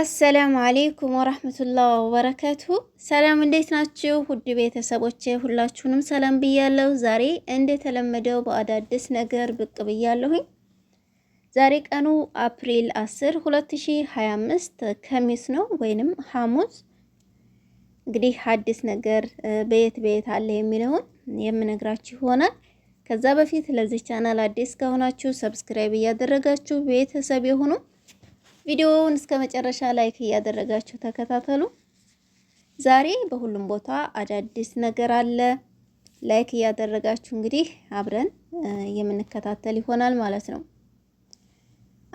አሰላሙ አሌይኩም ወረህመቱላህ ወበረከቱ። ሰላም እንዴት ናችሁ? ውድ ቤተሰቦች ሁላችሁንም ሰላም ብያለሁ። ዛሬ እንደተለመደው በአዳዲስ ነገር ብቅ ብያለሁኝ። ዛሬ ቀኑ አፕሪል 10 2025 ከሚስ ነው ወይንም ሐሙስ። እንግዲህ አዲስ ነገር በየት በየት አለ የሚለውን የምነግራችሁ ይሆናል። ከዛ በፊት ለዚህ ቻናል አዲስ ከሆናችሁ ሰብስክራይብ እያደረጋችሁ ቤተሰብ የሆኑ ቪዲዮውን እስከ መጨረሻ ላይክ እያደረጋችሁ ተከታተሉ። ዛሬ በሁሉም ቦታ አዳዲስ ነገር አለ። ላይክ እያደረጋችሁ እንግዲህ አብረን የምንከታተል ይሆናል ማለት ነው።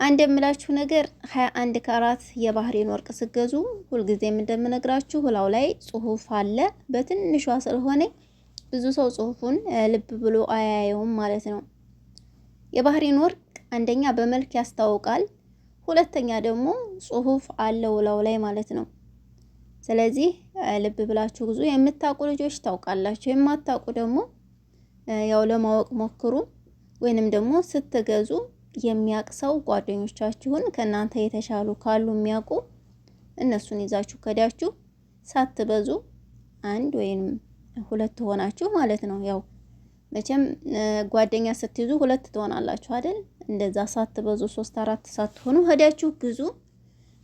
አንድ የምላችሁ ነገር 21 ካራት የባህሬን ወርቅ ስገዙ ሁልጊዜም እንደምነግራችሁ ሁላው ላይ ጽሁፍ አለ። በትንሿ ስለሆነ ብዙ ሰው ጽሁፉን ልብ ብሎ አያየውም ማለት ነው። የባህሬን ወርቅ አንደኛ በመልክ ያስታውቃል። ሁለተኛ ደግሞ ጽሁፍ አለው ላው ላይ ማለት ነው። ስለዚህ ልብ ብላችሁ ብዙ የምታውቁ ልጆች ታውቃላችሁ፣ የማታውቁ ደግሞ ያው ለማወቅ ሞክሩ። ወይንም ደግሞ ስትገዙ የሚያቅሰው ጓደኞቻችሁን ከእናንተ የተሻሉ ካሉ የሚያውቁ እነሱን ይዛችሁ ከዳችሁ ሳትበዙ አንድ ወይም ሁለት ትሆናችሁ ማለት ነው። ያው መቼም ጓደኛ ስትይዙ ሁለት ትሆናላችሁ አይደል? እንደዛ ሳትበዙ ሶስት አራት ሳትሆኑ ሄዳችሁ ግዙ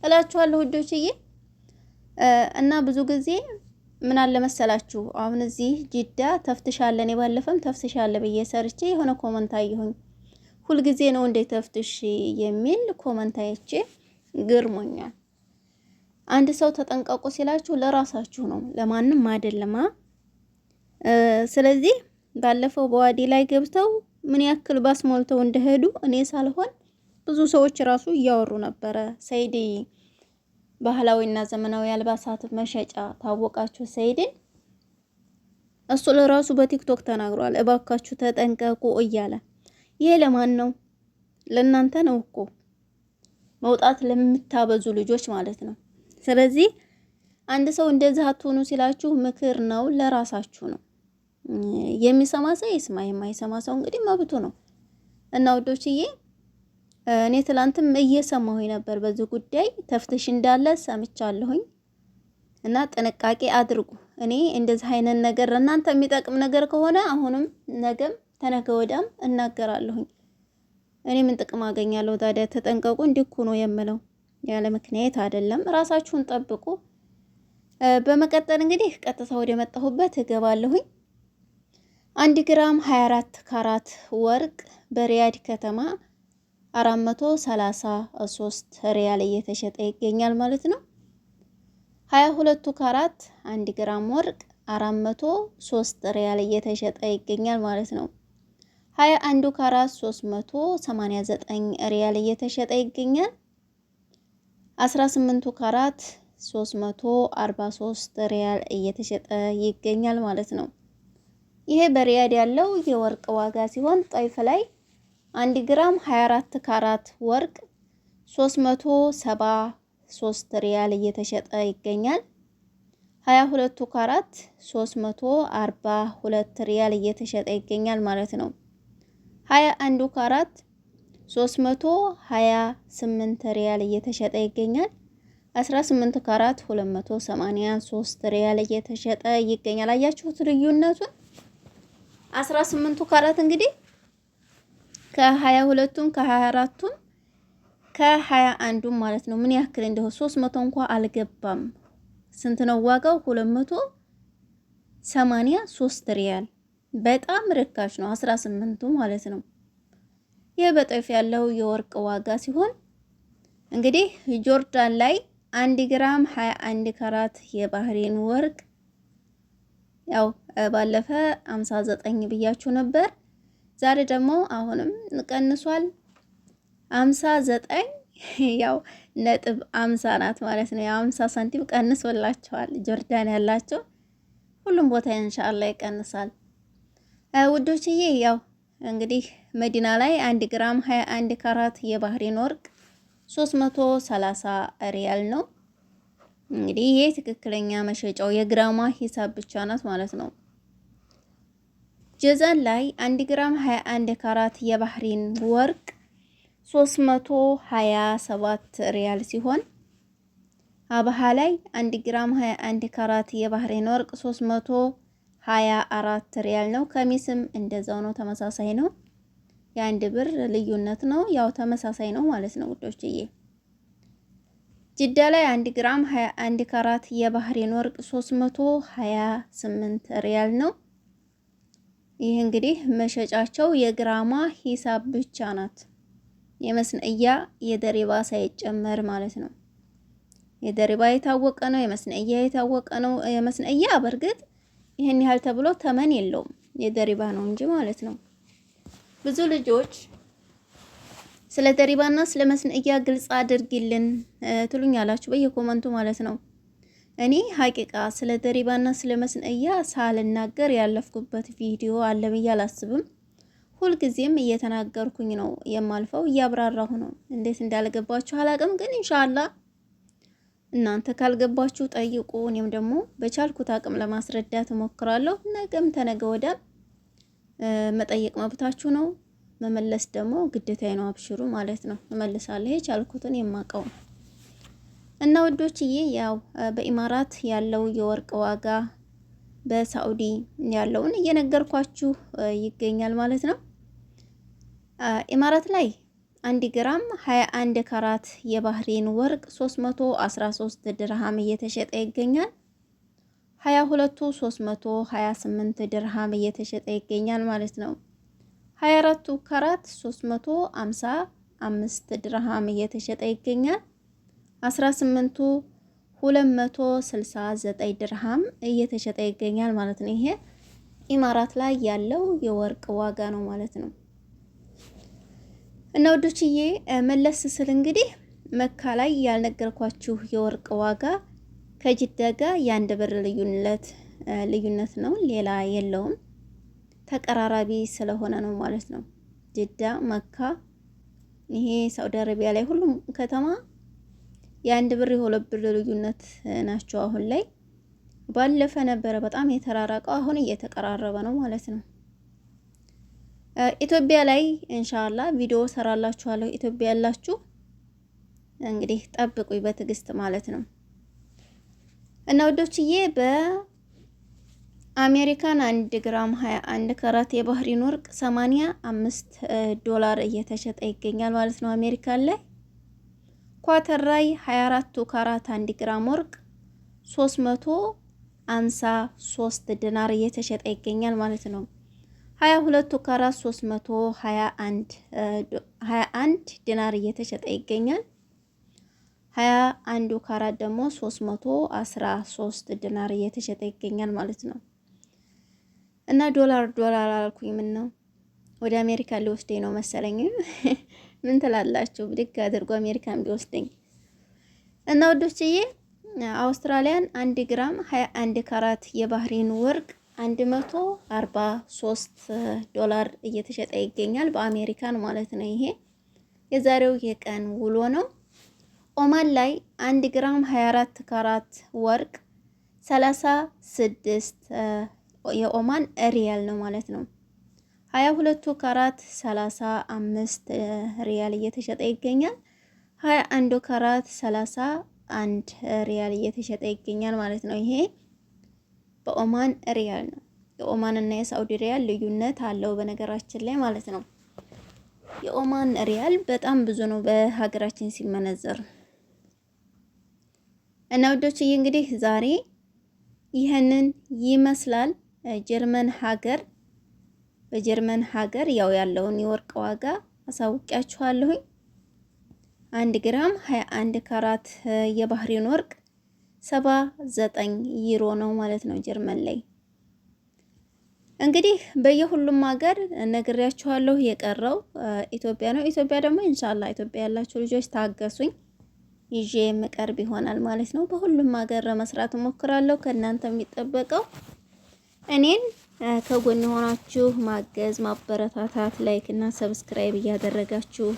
እላችኋለሁ ውዶችዬ። እና ብዙ ጊዜ ምን አለ መሰላችሁ አሁን እዚህ ጅዳ ተፍትሻለ፣ እኔ ባለፈም ተፍትሻለ ብዬ ሰርቼ የሆነ ኮመንት አየሁኝ። ሁልጊዜ ነው እንደ ተፍትሽ የሚል ኮመንት አይቼ ግርሞኛል። አንድ ሰው ተጠንቀቁ ሲላችሁ ለራሳችሁ ነው ለማንም አይደለማ። ስለዚህ ባለፈው በዋዲ ላይ ገብተው ምን ያክል ባስ ሞልተው እንደሄዱ እኔ ሳልሆን ብዙ ሰዎች ራሱ እያወሩ ነበረ። ሰይድ ባህላዊና ዘመናዊ አልባሳት መሸጫ ታወቃችሁ ሰይድን እሱ ለራሱ በቲክቶክ ተናግሯል። እባካችሁ ተጠንቀቁ እያለ ይሄ ለማን ነው? ለእናንተ ነው እኮ መውጣት ለምታበዙ ልጆች ማለት ነው። ስለዚህ አንድ ሰው እንደዚህ አትሆኑ ሲላችሁ ምክር ነው፣ ለራሳችሁ ነው። የሚሰማ ሰው ይስማ፣ የማይሰማ ሰው እንግዲህ መብቱ ነው እና ወዶችዬ እኔ ትላንትም እየሰማሁኝ ነበር በዚህ ጉዳይ ተፍትሽ እንዳለ ሰምቻለሁኝ። እና ጥንቃቄ አድርጉ። እኔ እንደዚህ አይነት ነገር እናንተ የሚጠቅም ነገር ከሆነ አሁንም ነገም ተነገ ወዳም እናገራለሁኝ። እኔ ምን ጥቅም አገኛለሁ ታዲያ? ተጠንቀቁ። እንዲኩ ነው የምለው፣ ያለ ምክንያት አይደለም። ራሳችሁን ጠብቁ። በመቀጠል እንግዲህ ቀጥታ ወደ መጣሁበት እገባለሁኝ። አንድ ግራም 24 ካራት ወርቅ በሪያድ ከተማ 433 ሪያል እየተሸጠ ይገኛል ማለት ነው። 22ቱ ካራት 1 ግራም ወርቅ 403 ሪያል እየተሸጠ ይገኛል ማለት ነው። 21ዱ ካራት 389 ሪያል እየተሸጠ ይገኛል። 18ቱ ካራት 343 ሪያል እየተሸጠ ይገኛል ማለት ነው። ይሄ በሪያድ ያለው የወርቅ ዋጋ ሲሆን ጠይፍ ላይ 1 ግራም 24 ካራት ወርቅ 373 ሪያል እየተሸጠ ይገኛል። 22ቱ ካራት 342 ሪያል እየተሸጠ ይገኛል ማለት ነው። ካራት 328 ሪያል እየተሸጠ ይገኛል። 18 ካራት 283 ሪያል እየተሸጠ ይገኛል። አያችሁት ልዩነቱን? አስራ ስምንቱ ካራት እንግዲህ ከሀያ ሁለቱም ከሀያ አራቱም ከሀያ አንዱም ማለት ነው። ምን ያክል እንደሆነ ሶስት መቶ እንኳ አልገባም። ስንት ነው ዋጋው? ሁለት መቶ ሰማንያ ሶስት ሪያል በጣም ርካሽ ነው። አስራ ስምንቱ ማለት ነው። ይህ በጠፍ ያለው የወርቅ ዋጋ ሲሆን እንግዲህ ጆርዳን ላይ አንድ ግራም 21 ካራት የባህሬን ወርቅ ያው ባለፈ 59 ብያችሁ ነበር። ዛሬ ደግሞ አሁንም ቀንሷል 59 ያው ነጥብ 50 ናት ማለት ነው የ50 ሳንቲም ቀንሶላችኋል። ጆርዳን ያላቸው ሁሉም ቦታ ኢንሻአላህ ይቀንሳል። ውዶችዬ ያው እንግዲህ መዲና ላይ 1 ግራም 21 ካራት የባህሪን ወርቅ 330 ሪያል ነው። እንግዲህ ይሄ ትክክለኛ መሸጫው የግራማ ሂሳብ ብቻ ናት ማለት ነው። ጀዛን ላይ 1 ግራም 21 ካራት የባህሪን ወርቅ 327 ሪያል ሲሆን አብሃ ላይ 1 ግራም 21 ካራት የባህሪን ወርቅ 324 ሪያል ነው። ከሚስም እንደዛው ነው፣ ተመሳሳይ ነው። የአንድ ብር ልዩነት ነው። ያው ተመሳሳይ ነው ማለት ነው ውዶችዬ። ጅዳ ላይ 1 ግራም 21 ካራት የባህሬን ወርቅ 328 ሪያል ነው። ይህ እንግዲህ መሸጫቸው የግራማ ሂሳብ ብቻ ናት። የመስነእያ የደሪባ ሳይጨመር ማለት ነው። የደሪባ የታወቀ ነው። የመስነእያ የታወቀ ነው። የመስነእያ በእርግጥ ይህን ያህል ተብሎ ተመን የለውም። የደሪባ ነው እንጂ ማለት ነው ብዙ ልጆች ስለ ደሪባና ስለ መስንእያ ግልጽ አድርጊልን ትሉኛላችሁ በየኮመንቱ ማለት ነው። እኔ ሀቂቃ ስለ ደሪባና ስለ መስንእያ ሳልናገር ያለፍኩበት ቪዲዮ አለ ብዬ አላስብም። ሁልጊዜም እየተናገርኩኝ ነው የማልፈው፣ እያብራራሁ ነው። እንዴት እንዳልገባችሁ አላቅም፣ ግን እንሻላ እናንተ ካልገባችሁ ጠይቁ። እኔም ደግሞ በቻልኩት አቅም ለማስረዳት እሞክራለሁ። ነገም ተነገ ወዲያ መጠየቅ መብታችሁ ነው። መመለስ ደግሞ ግዴታ ነው። አብሽሩ ማለት ነው እመልሳለሁ። የቻልኩትን የማውቀው ነው። እና ውዶችዬ ያው በኢማራት ያለው የወርቅ ዋጋ በሳኡዲ ያለውን እየነገርኳችሁ ይገኛል ማለት ነው። ኢማራት ላይ አንድ ግራም 21 ካራት የባህሬን ወርቅ 313 ድርሃም እየተሸጠ ይገኛል። 22ቱ 328 ድርሃም እየተሸጠ ይገኛል ማለት ነው። 24ቱ ካራት 355 ድርሃም እየተሸጠ ይገኛል። 18ቱ 269 ድርሃም እየተሸጠ ይገኛል ማለት ነው። ይሄ ኢማራት ላይ ያለው የወርቅ ዋጋ ነው ማለት ነው። እና ወዶችዬ መለስ ስል እንግዲህ መካ ላይ ያልነገርኳችሁ የወርቅ ዋጋ ከጅዳ ጋር የአንድ ብር ልዩነት ልዩነት ነው፣ ሌላ የለውም። ተቀራራቢ ስለሆነ ነው ማለት ነው። ጅዳ፣ መካ፣ ይሄ ሳውዲ አረቢያ ላይ ሁሉም ከተማ የአንድ ብር የሁለት ብር ልዩነት ናቸው። አሁን ላይ ባለፈ ነበረ በጣም የተራራቀው፣ አሁን እየተቀራረበ ነው ማለት ነው። ኢትዮጵያ ላይ እንሻላ ቪዲዮ ሰራላችኋለሁ። ኢትዮጵያ ያላችሁ እንግዲህ ጠብቁኝ በትዕግስት ማለት ነው እና ወዶችዬ በ አሜሪካን 1 ግራም 21 ካራት የባህሪን ወርቅ 85 ዶላር እየተሸጠ ይገኛል ማለት ነው። አሜሪካን ላይ ኳተር ላይ 24 ካራት 1 ግራም ወርቅ 353 ድናር እየተሸጠ ይገኛል ማለት ነው። 22 ካራት 321 21 ድናር እየተሸጠ ይገኛል። 21 ካራት ደግሞ 313 ድናር እየተሸጠ ይገኛል ማለት ነው። እና ዶላር ዶላር አልኩኝ። ምን ነው ወደ አሜሪካ ሊወስደኝ ነው መሰለኝ። ምን ትላላችሁ? ብድግ አድርጎ አሜሪካን ቢወስደኝ እና ወዶችዬ አውስትራሊያን አንድ ግራም 21 ካራት የባህሪን ወርቅ 143 ዶላር እየተሸጠ ይገኛል በአሜሪካን ማለት ነው። ይሄ የዛሬው የቀን ውሎ ነው። ኦማን ላይ 1 ግራም 24 ካራት ወርቅ 36 የኦማን ሪያል ነው ማለት ነው። ሀያ ሁለቱ ካራት ሰላሳ አምስት ሪያል እየተሸጠ ይገኛል። ሀያ አንዱ ካራት ሰላሳ አንድ ሪያል እየተሸጠ ይገኛል ማለት ነው። ይሄ በኦማን ሪያል ነው። የኦማን እና የሳውዲ ሪያል ልዩነት አለው በነገራችን ላይ ማለት ነው። የኦማን ሪያል በጣም ብዙ ነው በሀገራችን ሲመነዘር እና ውዶችዬ እንግዲህ ዛሬ ይህንን ይመስላል። ጀርመን ሀገር በጀርመን ሀገር ያው ያለውን የወርቅ ዋጋ አሳውቂያችኋለሁኝ። አንድ ግራም 21 ካራት የባህሪን ወርቅ 79 ዩሮ ነው ማለት ነው ጀርመን ላይ። እንግዲህ በየሁሉም ሀገር ነግሬያችኋለሁ። የቀረው ኢትዮጵያ ነው። ኢትዮጵያ ደግሞ ኢንሻአላህ ኢትዮጵያ ያላችሁ ልጆች ታገሱኝ፣ ይዤ የምቀርብ ይሆናል ማለት ነው። በሁሉም ሀገር ለመስራት እሞክራለሁ። ከእናንተ የሚጠበቀው እኔን ከጎን የሆናችሁ ማገዝ፣ ማበረታታት፣ ላይክ እና ሰብስክራይብ እያደረጋችሁ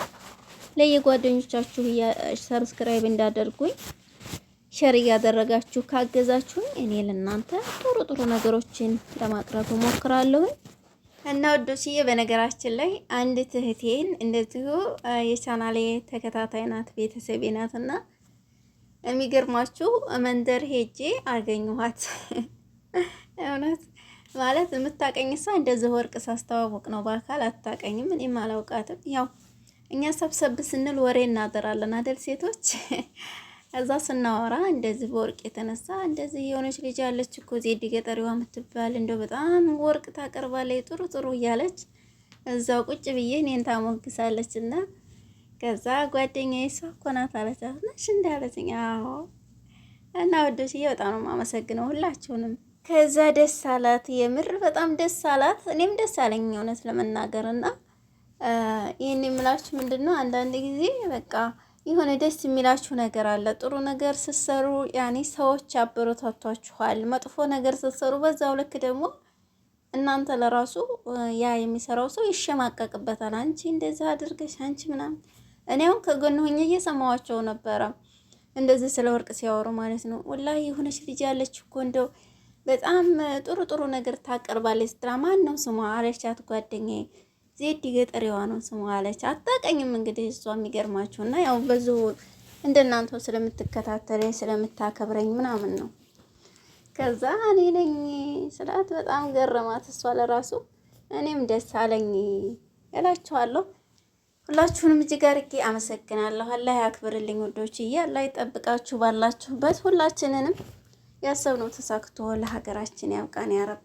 ለየጓደኞቻችሁ ሰብስክራይብ እንዳደርጉኝ ሸር እያደረጋችሁ ካገዛችሁኝ እኔ ለእናንተ ጥሩ ጥሩ ነገሮችን ለማቅረብ ሞክራለሁ እና ወዶችዬ፣ በነገራችን ላይ አንድ ትህቴን እንደዚሁ የቻናሌ ተከታታይ ናት፣ ቤተሰቤ ናት እና የሚገርማችሁ መንደር ሄጄ አገኘኋት እውነት ማለት የምታቀኝ እሷ እንደዚህ ወርቅ ሳስተዋወቅ ነው። በአካል አታቀኝም፣ እኔም አላውቃትም። ያው እኛ ሰብሰብ ስንል ወሬ እናደራለን አደል ሴቶች። እዛ ስናወራ እንደዚህ በወርቅ የተነሳ እንደዚህ የሆነች ልጅ ያለች እኮ ዜድ ገጠሪዋ የምትባል እንደው በጣም ወርቅ ታቀርባለች ጥሩ ጥሩ እያለች እዛው ቁጭ ብዬ እኔን ታሞግሳለች። እና ከዛ ጓደኛ እሷ እኮ ናት አለች ነሽ እንዳለችኝ። አዎ እና ወዶችዬ በጣም ነው የማመሰግነው ሁላችሁንም። ከዛ ደስ አላት። የምር በጣም ደስ አላት። እኔም ደስ አለኝ እውነት ለመናገር እና ይህን የምላችሁ ምንድን ነው አንዳንድ ጊዜ በቃ የሆነ ደስ የሚላችሁ ነገር አለ። ጥሩ ነገር ስትሰሩ ያኔ ሰዎች ያበረታቷችኋል። መጥፎ ነገር ስትሰሩ በዛው ልክ ደግሞ እናንተ ለራሱ ያ የሚሰራው ሰው ይሸማቀቅበታል። አንቺ እንደዚህ አድርገሽ አንቺ ምናምን። እኔ አሁን ከጎን ሆኜ እየሰማዋቸው ነበረ እንደዚህ ስለ ወርቅ ሲያወሩ ማለት ነው። ወላሂ የሆነች ልጅ ያለች እኮ እንደው በጣም ጥሩ ጥሩ ነገር ታቀርባለች። ስትራ ማን ነው ስሟ አለቻት። ጓደኛዬ ዜድ ገጠሬዋ ነው ስሟ አለች። አታውቀኝም እንግዲህ እሷ የሚገርማችሁ እና ያው በዙ እንደናንተው ስለምትከታተለኝ ስለምታከብረኝ ምናምን ነው። ከዛ እኔ ነኝ ስላት በጣም ገረማት። እሷ ለራሱ እኔም ደስ አለኝ እላችኋለሁ። ሁላችሁንም እጅግ አድርጌ አመሰግናለሁ። አላህ ያክብርልኝ ውዶችዬ፣ አላህ ይጠብቃችሁ ባላችሁበት ሁላችንንም ያሰብነው ተሳክቶ ለሀገራችን ያብቃን ያረብ